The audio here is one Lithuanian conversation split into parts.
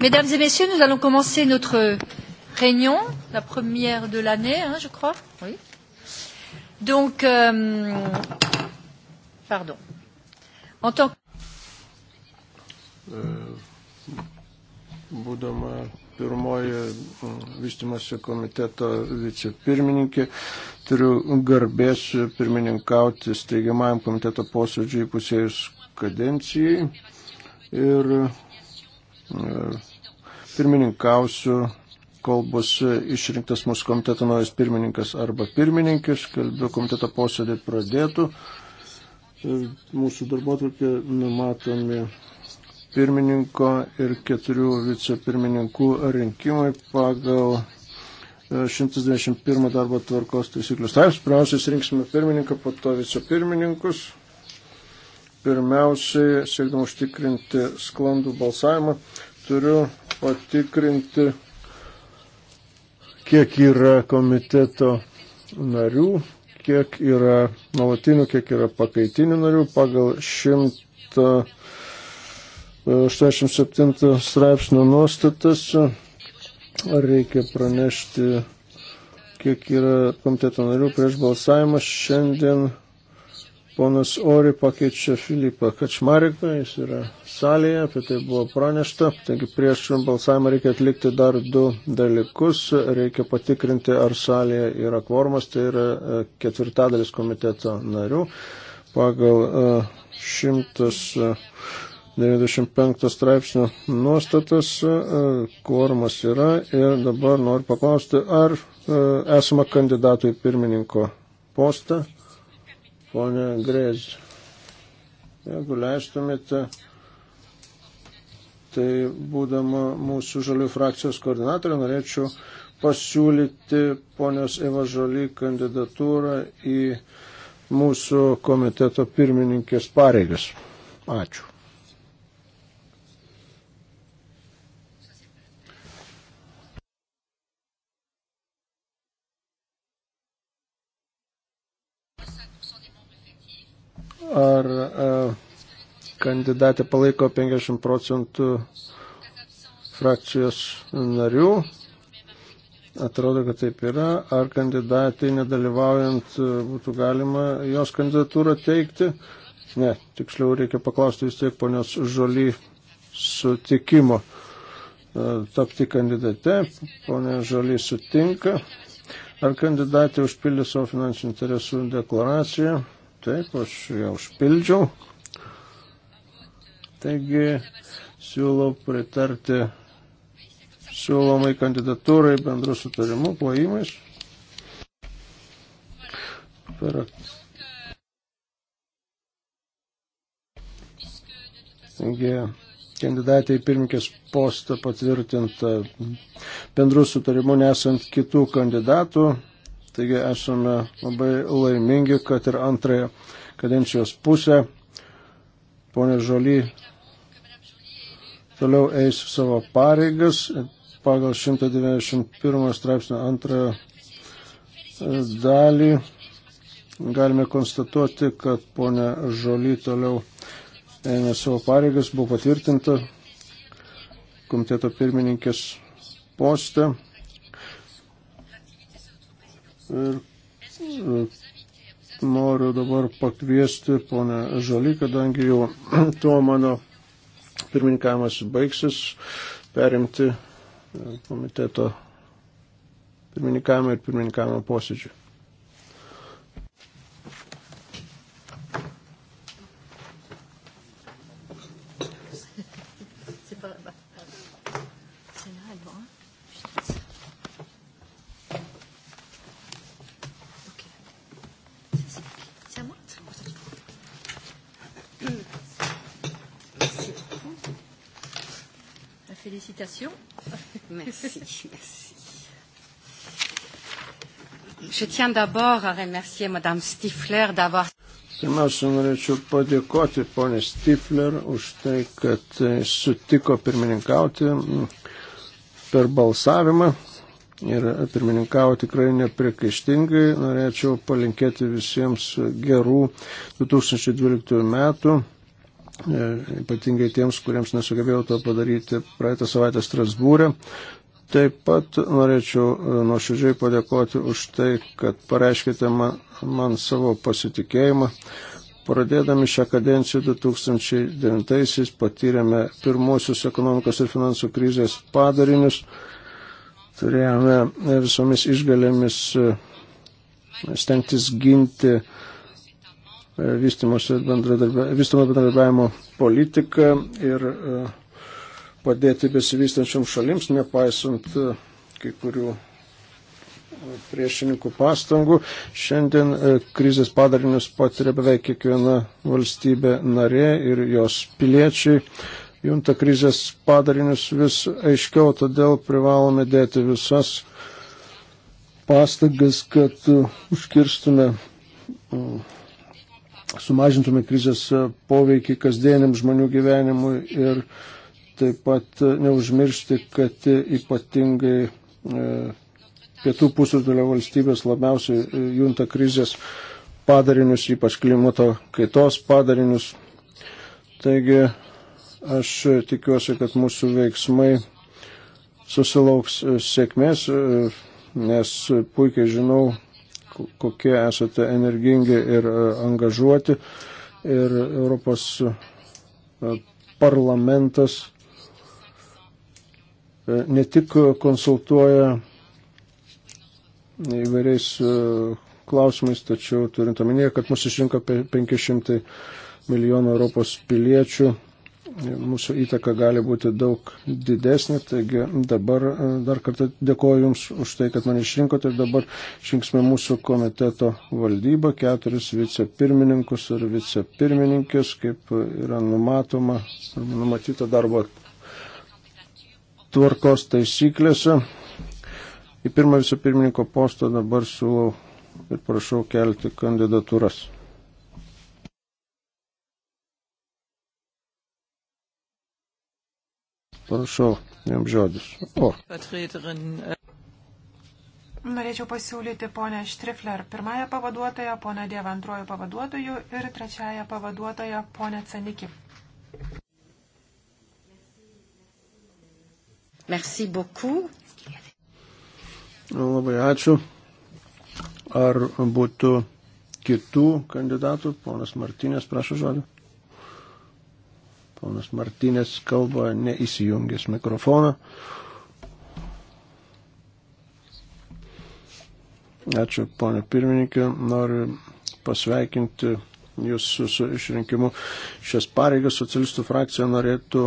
Mesdames et messieurs, nous allons commencer notre réunion, la première de l'année, hein, je crois. Oui. Donc, euh, pardon. En tant que. Euh, būdama pirmoji mm, vystimasi komiteto vicepirmininkė, turiu garbės pirmininkauti steigiamajam komiteto posėdžiui pusėjus kadencijai. Ir pirmininkausiu, kol bus išrinktas mūsų komiteto naujas pirmininkas arba pirmininkis, kalbiu komiteto posėdį pradėtų. Mūsų darbotvarkė numatomi pirmininko ir keturių vicepirmininkų rinkimai pagal 121 darbo tvarkos taisyklius. Taip, pirmiausia, rinksime pirmininką, po to vicepirmininkus. Pirmiausiai, siekdama užtikrinti sklandų balsavimą, turiu patikrinti, kiek yra komiteto narių, kiek yra nuolatinių, kiek yra pakaitinių narių pagal 187 e, straipsnio nuostatas. Ar reikia pranešti, kiek yra komiteto narių prieš balsavimą šiandien? Ponas Ori pakeičia Filipą Kačmariką, jis yra salėje, apie tai buvo pranešta. Taigi prieš balsavimą reikia atlikti dar du dalykus. Reikia patikrinti, ar salėje yra kvormas, tai yra e, ketvirtadalis komiteto narių. Pagal 195 e, e, straipsnio nuostatas kvormas yra ir dabar noriu paklausti, ar esama kandidatų į pirmininko postą. Pone Grez, jeigu leistumėte, tai būdama mūsų žalių frakcijos koordinatorė, norėčiau pasiūlyti ponios Eva Žoly kandidatūrą į mūsų komiteto pirmininkės pareigas. Ačiū. ar e, kandidatė palaiko 50 procentų frakcijos narių. Atrodo, kad taip yra. Ar kandidatai nedalyvaujant e, būtų galima jos kandidatūrą teikti? Ne, tiksliau reikia paklausti vis tiek ponios Žoly sutikimo e, tapti kandidate. Pone Žoly sutinka. Ar kandidatė užpildė savo finansinių interesų deklaraciją? Taip, aš ją užpildžiau. Taigi siūlau pritarti siūlomai kandidatūrai bendru sutarimu, plojimais. Per... Taigi kandidatė į pirmininkės postą patvirtinta bendru sutarimu nesant kitų kandidatų. Taigi esame labai laimingi, kad ir antrąją kadencijos pusę ponė Žoly toliau eis savo pareigas pagal 191 straipsnio antrąją e, dalį. Galime konstatuoti, kad ponė Žoly toliau eina savo pareigas, buvo patvirtinta komiteto pirmininkės postą. Ir e, noriu dabar pakviesti ponę Žalį, kadangi jau tuo mano pirmininkavimas baigsis, perimti e, komiteto pirmininkavimą ir pirmininkavimą posėdžių. Merci, merci. Je tiens d'abord à remercier Madame Stifler d'avoir. Pirmiausia, norėčiau padėkoti ponė Stifler už tai, kad sutiko pirmininkauti per balsavimą ir pirmininkavo tikrai nepriekaištingai. Norėčiau palinkėti visiems gerų 2012 metų e, ypatingai tiems, kuriems nesugebėjau to padaryti praeitą savaitę Strasbūrę. Taip pat norėčiau e, nuoširdžiai padėkoti už tai, kad pareiškite man, man savo pasitikėjimą. Pradėdami šią kadenciją 2009-aisiais patyrėme pirmosius ekonomikos ir finansų krizės padarinius. Turėjome e, visomis išgalėmis e, stengtis ginti vystimo bendradarbiavimo politiką ir uh, padėti besivystančiam šalims, nepaisant e, kai kurių e, priešininkų pastangų. Šiandien e, krizės padarinius patiria beveik kiekviena valstybė narė ir jos piliečiai junta krizės padarinius vis aiškiau, todėl privalome dėti visas pastangas, kad užkirstume, sumažintume krizės poveikį kasdieniam žmonių gyvenimui ir uh, Taip pat neužmiršti, kad ypatingai e, pietų pusrutulio valstybės labiausiai e, junta krizės padarinius, ypač klimato kaitos padarinius. Taigi aš tikiuosi, kad mūsų veiksmai susilauks e, sėkmės, nes puikiai žinau, kokie esate energingi ir angažuoti. Ir Europos parlamentas E, ne tik konsultuoja įvairiais e, klausimais, tačiau turint omenyje, kad mūsų išrinko 500 milijonų Europos piliečių, e, mūsų įtaka gali būti daug didesnė. Taigi dabar dar kartą dėkoju Jums už tai, kad mane išrinkote ir dabar išrinksime mūsų komiteto valdybą, keturis vicepirmininkus ir vicepirmininkės, kaip yra numatoma ar numatyta darbo tvarkos taisyklėse. Į pirmą viso pirmininko postą dabar siūlau ir prašau kelti kandidatūras. Prašau, jam žodis. O. E- Norėčiau pasiūlyti ponę Štrifler pirmąją pavaduotoją, ponę Dievą antrojų pavaduotojų ir trečiąją pavaduotoją ponę Canikį. Merci beaucoup. Labai ačiū. Ar būtų kitų kandidatų? Ponas Martinės, prašau žodį. Ponas Martinės kalba neįsijungęs mikrofoną. Ačiū, ponė pirmininkė. Noriu pasveikinti Jūs su išrinkimu. Šias pareigas socialistų frakcija norėtų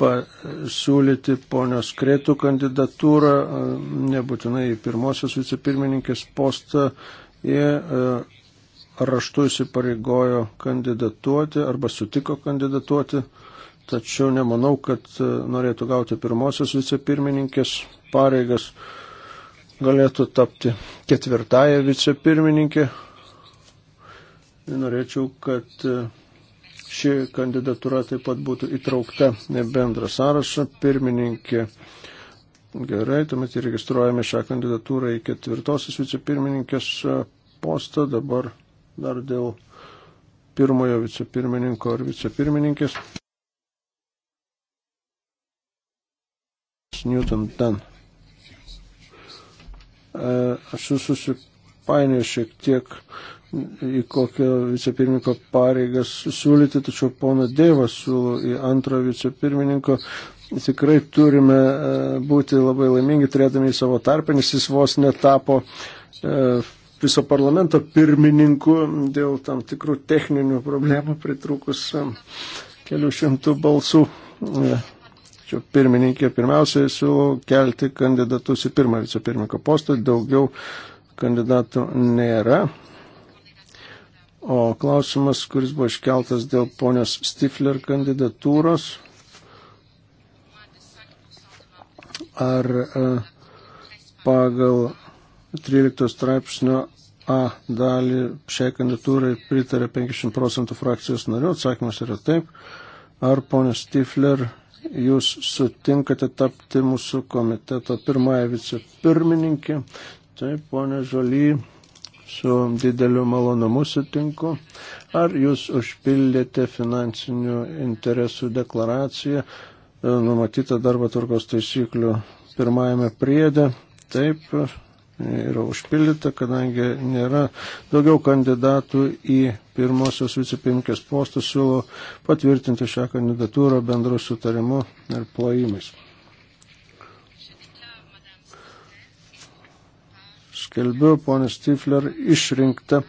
pasiūlyti ponios Kretų kandidatūrą, e, nebūtinai į pirmosios vicepirmininkės postą, jie e, raštu įsipareigojo kandidatuoti arba sutiko kandidatuoti, tačiau nemanau, kad e, norėtų gauti pirmosios vicepirmininkės pareigas, galėtų tapti ketvirtąją vicepirmininkę. Norėčiau, kad ši kandidatūra taip pat būtų įtraukta į bendrą sąrašą. Pirmininkė. Gerai, tuomet įregistruojame šią kandidatūrą į ketvirtosios vicepirmininkės postą. Dabar dar dėl pirmojo vicepirmininko ar vicepirmininkės. Newton Dunn. E, aš susipainioju šiek tiek į kokią vicepirmininko pareigas siūlyti, tačiau pono Dievas siūlo į antrą vicepirmininko. Tikrai turime e, būti labai laimingi, turėdami į savo tarpę, nes jis vos netapo e, viso parlamento pirmininku dėl tam tikrų techninių problemų pritrukus e, kelių šimtų balsų. Čia pirmininkė pirmiausiai siūlau kelti kandidatus į pirmą vicepirmininko postą, daugiau kandidatų nėra. O klausimas, kuris buvo iškeltas dėl ponios Stifler kandidatūros, ar e, pagal 13 straipsnio A dalį šiai kandidatūrai pritarė 50 procentų frakcijos narių, atsakymas yra taip. Ar ponė Stifler, jūs sutinkate tapti mūsų komiteto pirmąją vicepirmininkį? Taip, ponė Žolyje su dideliu malonumu sutinku. Ar jūs užpildėte finansinių interesų deklaraciją e, numatytą darbo tvarkos taisyklių pirmajame priedė? Taip, yra užpildyta, kadangi nėra daugiau kandidatų į pirmosios vicepirmkės postus, siūlau patvirtinti šią kandidatūrą bendru sutarimu ir plojimais. skelbiu, ponė Stifler išrinkta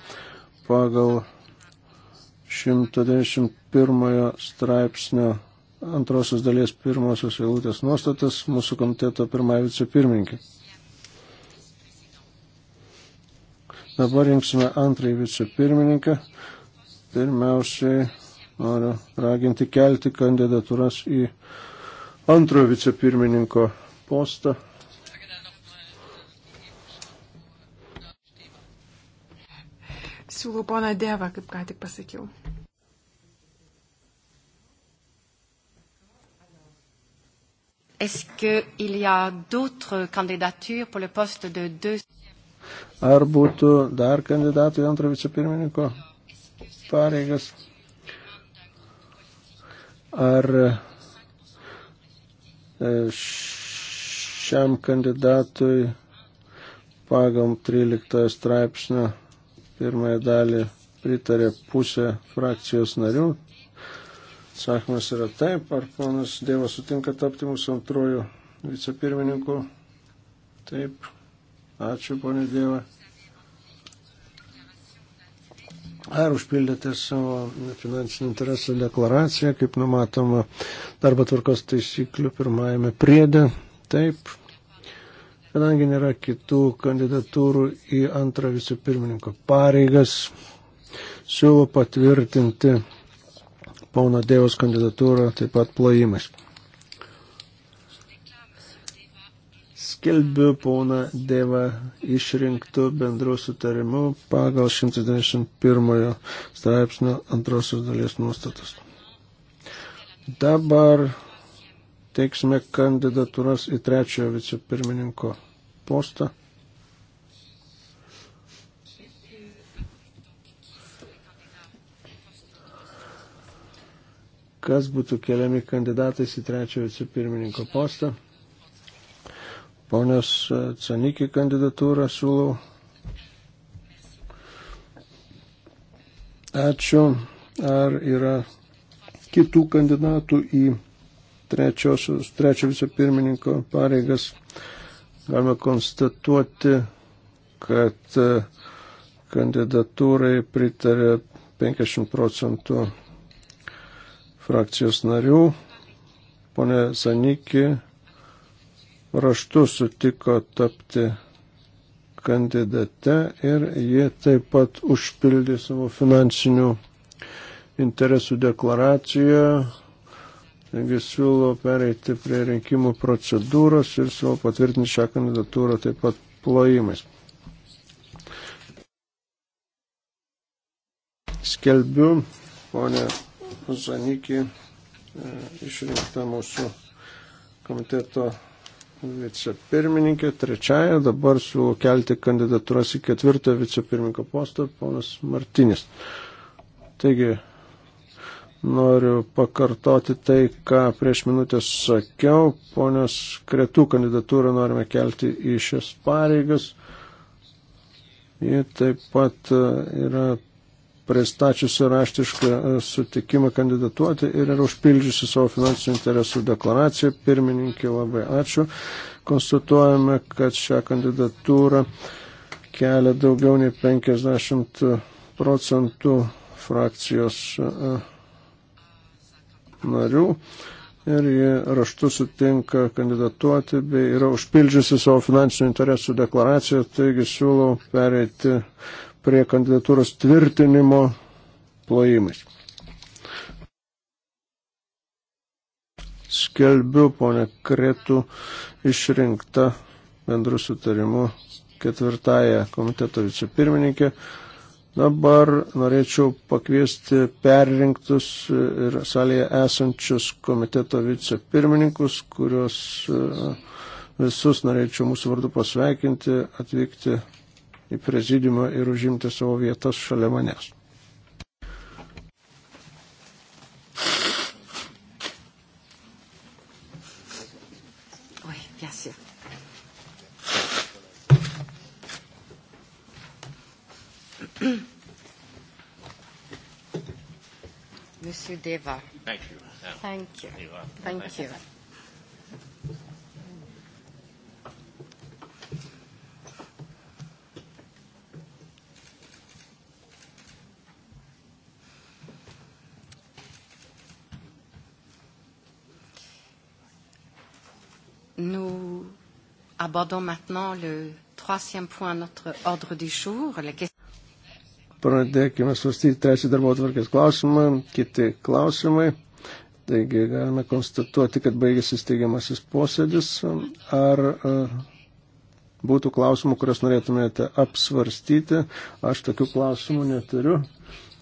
pagal 191 straipsnio antrosios dalies pirmosios eilutės nuostatas mūsų komiteto pirmąją vicepirmininkę. Dabar rinksime antrąjį vicepirmininką. Pirmiausiai noriu raginti kelti kandidatūras į antrojo vicepirmininko postą. Siūlau poną Devą, kaip ką tik pasakiau. Est-ce qu'il y a d'autres candidatures pour le poste de deux... Ar būtų dar kandidatų į antrą vicepirmininko pareigas? Ar e, šiam kandidatui pagal 13 straipsnio Pirmąją dalį pritarė pusė frakcijos narių. Sakymas yra taip, ar ponas Dievas sutinka tapti mūsų antrojų vicepirmininkų. Taip, ačiū ponė Dieva. Ar užpildėte savo finansinį interesą deklaraciją, kaip numatoma darbo tvarkos taisyklių pirmajame priedė? Taip, Kadangi nėra kitų kandidatūrų į antrą visų pirmininko pareigas, siūlo patvirtinti Pauno Dėvos kandidatūrą taip pat plojimais. Skelbiu Pauną Dėvą išrinktų bendrų sutarimų pagal 191 straipsnio antrosios dalies nuostatus. Dabar teiksime kandidatūras į trečiojo vicepirmininko postą. Kas būtų keliami kandidatais į trečiojo vicepirmininko postą? Ponios Canikį kandidatūrą siūlau. Ačiū. Ar yra kitų kandidatų į trečiosios, trečio vicepirmininko pareigas, galime konstatuoti, kad e, kandidatūrai pritarė 50 procentų frakcijos narių. Pone Zanikį raštu sutiko tapti kandidate ir jie taip pat užpildė savo finansinių interesų deklaraciją, Taigi siūlau pereiti prie rinkimų procedūros ir siūlau patvirtinti šią kandidatūrą taip pat plojimais. Skelbiu, ponė Zanikį, e, išrinkta mūsų komiteto vicepirmininkė, trečiaja, dabar siūlau kelti kandidatūras į ketvirtą vicepirmininko postą, ponas Martinis. Taigi, Noriu pakartoti tai, ką prieš minutę sakiau. Ponios Kretų kandidatūrą norime kelti į šias pareigas. Ji taip pat e, yra pristačiusi raštišką e, sutikimą kandidatuoti ir yra užpildžiusi savo finansinių interesų deklaraciją. Pirmininkė, labai ačiū. Konstatuojame, kad šią kandidatūrą kelia daugiau nei 50 procentų frakcijos e, narių ir ji raštu sutinka kandidatuoti bei yra užpildžiusi savo finansinių interesų deklaraciją, taigi siūlau pereiti prie kandidatūros tvirtinimo plojimais. Skelbiu, ponė Kretų, išrinkta bendru sutarimu ketvirtąją komiteto vicepirmininkę. Dabar norėčiau pakviesti perrinktus ir salėje esančius komiteto vicepirmininkus, kuriuos e, visus norėčiau mūsų vardu pasveikinti, atvykti į prezidiumą ir užimti savo vietas šalia manęs. Oui, bien sûr. Monsieur Deva. Thank you. Yeah. Thank you. you Thank, Thank you. you. Nous abordons maintenant le troisième point à notre ordre du jour, les questions. Pradėkime svarstyti trečią darbo atvarkės klausimą, kiti klausimai. Taigi galime konstatuoti, kad baigėsi steigiamasis posėdis. Ar e, būtų klausimų, kurias norėtumėte apsvarstyti? Aš tokių klausimų neturiu.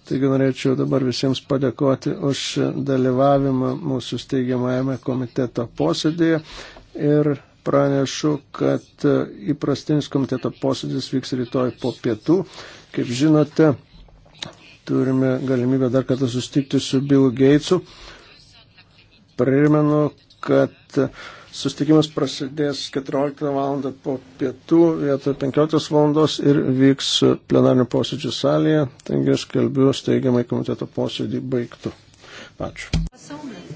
Taigi norėčiau dabar visiems padėkoti už dalyvavimą mūsų steigiamajame komiteto posėdėje ir pranešu, kad e, įprastinis komiteto posėdis vyks rytoj po pietų. Kaip žinote, turime galimybę dar kartą sustikti su Bill Gatesu. Primenu, kad sustikimas prasidės 14 val. po pietų vietoj 15 val. ir vyks plenarnių posėdžių salėje. Taigi aš kalbiu steigiamai komiteto posėdį baigtų. Ačiū. Pasaulė.